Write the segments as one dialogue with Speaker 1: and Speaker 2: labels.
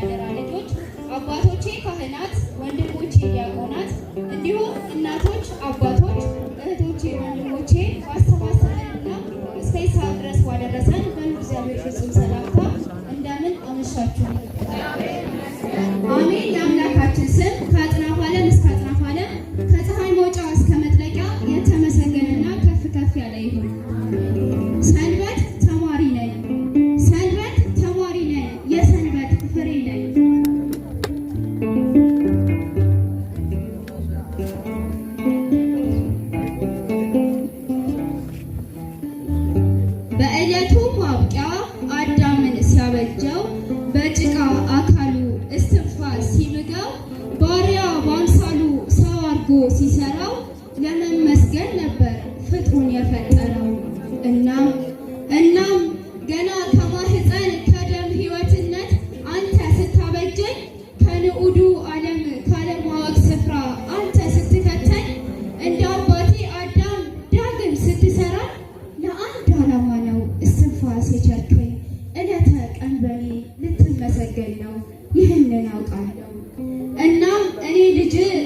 Speaker 1: መደራረቶች አባቶቼ ካህናት፣ ወንድሞቼ ዲያቆናት፣ እንዲሁም እናቶች፣ አባቶች፣ እህቶቼ፣ ወንድሞቼ ባሰባሰበንና እስከ ይስሐቅ ድረስ ባደረሰን በሉ እግዚአብሔር ፍጹም ሰላምታ እንደምን አመሻችሁ። አሜን ለአምላክ Thank you. did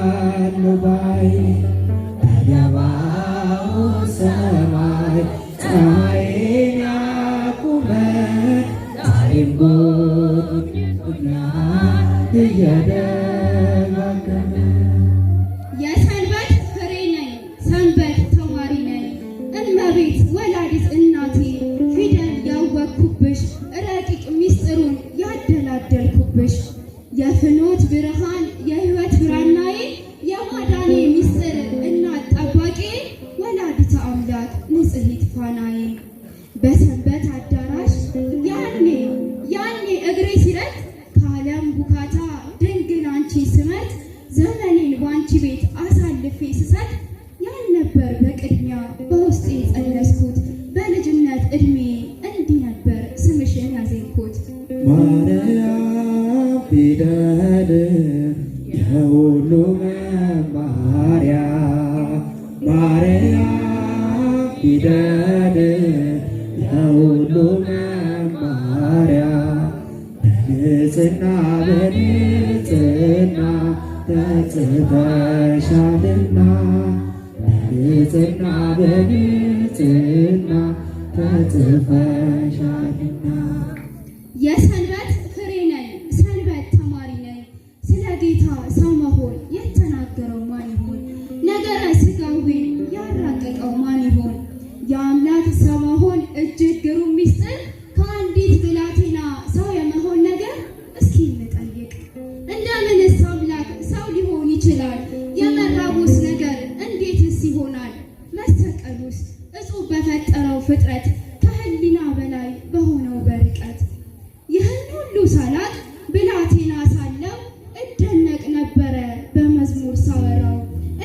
Speaker 2: አያለሁ ባይኔ በገባው ሰማይ ፀሐይን ያቁመ ታሪምጎና እየደመቀ
Speaker 1: ውካታ ድንግል አንቺ ስመት ዘመኔን ባንቺ ቤት አሳልፌ ስሰት ያን ነበር በቅድሚያ በውስጤ የጸለስኩት በልጅነት እድሜ እንዲህ ነበር ስምሽን ያዜንኩት
Speaker 2: ማርያም ፊደል የሁሉ መማሪያ ማርያም ፊደል የሁሉ በንጽህና በንጽህና ተጽፈሻልና በንጽህና በንጽህና ተጽፈሻልና
Speaker 1: ፍጥረት ከህሊና በላይ በሆነው በርቀት ይህን ሁሉ ሳላቅ ብላቴና ሳለው እደነቅ ነበረ በመዝሙር ሳወራው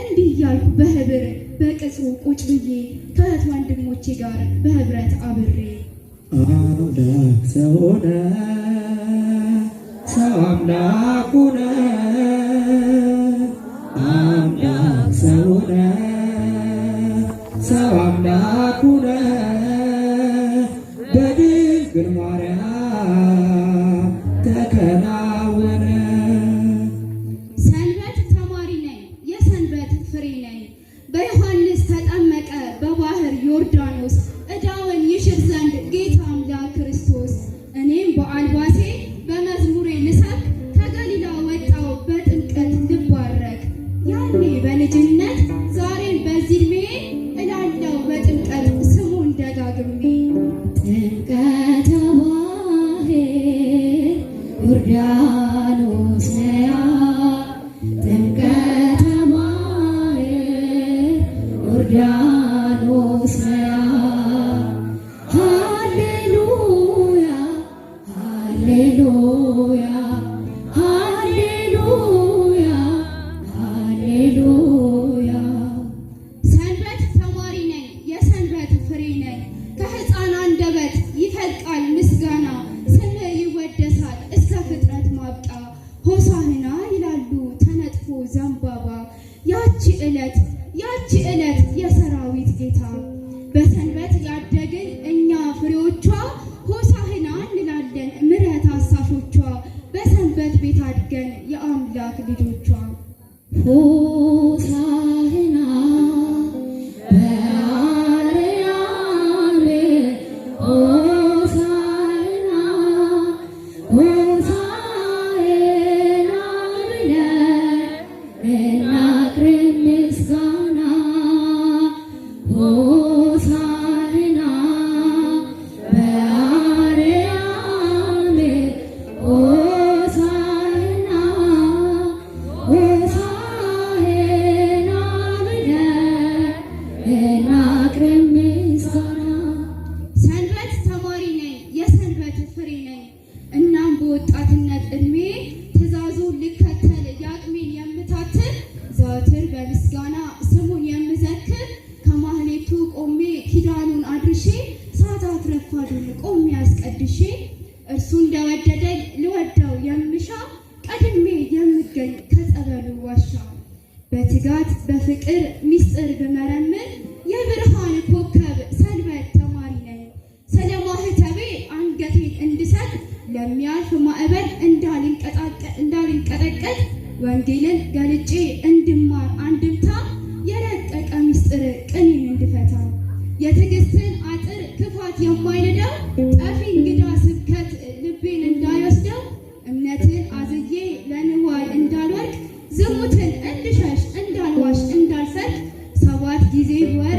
Speaker 1: እንዲህ እያልኩ በህብር በቅጽ ቁጭ ብዬ ከእህት ወንድሞቼ ጋር በህብረት አብሬ
Speaker 2: አምላክ ሰው ሆነ ሰው አምላክ ሆነ አምላክ ሰው ሆነ and I went in. Hallelujah.
Speaker 1: አስቀድሼ እርሱ እንደወደደ ልወደው የምሻ ቀድሜ የምገኝ ከጸበሉ ዋሻ በትጋት በፍቅር ሚስጥር ብመረምር የብርሃን ኮከብ ሰንበት ተማሪ ነኝ። ስለ አንገቴን እንድሰጥ ለሚያልፍ ማዕበል እንዳልንቀጠቀጥ ወንጌልን ገልጬ እንድማር አንድምታ የረቀቀ ሚስጥር ቅኔን እንድፈታ የትግስት ጠላት የማይንደው ጠፊ እንግዳ ስብከት ልቤን እንዳይወስደው እምነትን አዝዬ ለንዋይ እንዳልወድቅ ዝሙትን እንድሸሽ እንዳልዋሽ እንዳልሰድ ሰባት ጊዜ ወር